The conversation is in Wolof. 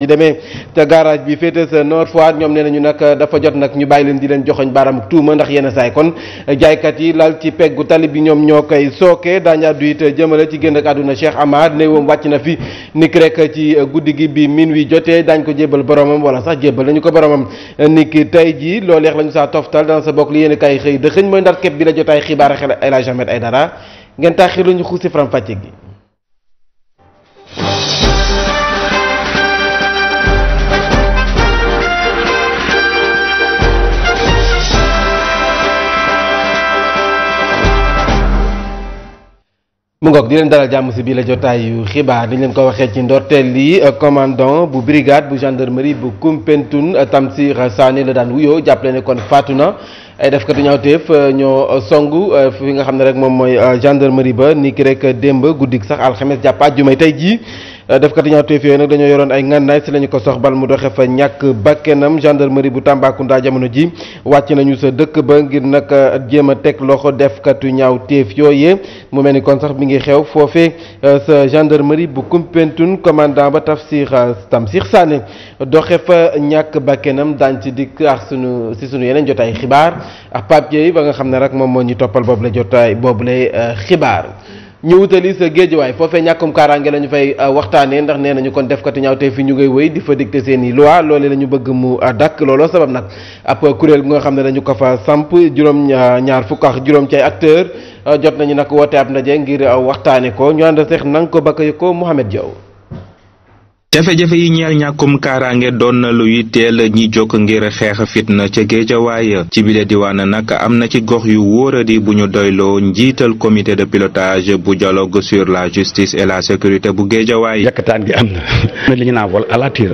ñu demee te garage bi féete sa Nord ñoom nee ñu nag dafa jot nag ñu bàyyi leen di leen joxoñ baaraam tuuma ndax yenn saay kon jaaykat yi lal ci peggu tali bi ñoom ñoo koy sooke daañu duy it jëmale ci génn ak àdduna Cheikh Amar néewam wàcc na fi niki rek ci guddi gi bi min wi jotee daañ ko jébal boromam wala sax jébal nañu ko boromam niki tey jii loo leex la ñu saa toftal dana sa bokk li yéen kay xëy dëxëñ mooy ndar képp la jotaay xibaar xel El Hadj Ahmed Aïdara ngeen taaxir lu ñu xuusi faram fàcce gi mu ngoog di leen dalal jàmm si bii la jotaayu xibaar dañ leen ko waxee ci ndorteel li euh, commandant bu brigade bu gendarmerie bu Koumpentoum euh, Tamsir sànni la daan wuyoo jàppale ne kon faatu na ay def katu ñaawteef euh, ñoo song fi nga xam ne rek moom mooy gendarmerie ba ni ki rek démb guddik sax alxames jàpp àjjuma tey jii defkati ñaawteef yooyu nag dañoo yoroon ay ngànnaay si lañu ko sox bal mu doxe fa ñàkk bakkenam gendarmerie bu Tambacounda jamono ji wàcc nañu sa dëkk ba ngir nag euh, jéem a teg loxo defkatu ñaawteef yooyee mu mel ni kon sax mi ngi xew foofee euh, sa gendarmerie bu Koumpentoum commandant ba Tafsir euh, Tamsir Sané doxe fa ñàkk bakkenam daañ ci dikk ak sunu si sunu yeneen jotaay xibaar ak papier ba nga xam ne rek moom moo ñu toppal boobu la jotaay boobu lay xibaar ñu wutali sa géejuwaay foofee ñàkkum kaaraange la fay euh, waxtaanee ndax nee nañu kon def kati ñaaw tey fi ñu ngay wéy di fa dicté seen i loi loolee la ñu bëgg mu euh, dakk looloo sabab nag ab kuréel bu nga xam ne dañu ko fa samp juróom ñaar fukk ak juróom ci ay acteur euh, jot nañu nag woote ab ndaje ngir waxtaane ko ñu ànd seex nang ko bakk ko Mouhamed Diaw jafe-jafe yi ñeel ñàkkum kaaraange doon na luy teel ñi jóg ngir xeex fitna ca géejawaay ci bile diwaana nag am na ci gox yu wóoradi bu ñu doyloo njiital commité de pilotage bu dialogue sur la justice et la sécurité bu géejawaay. yakkataan gi am na. li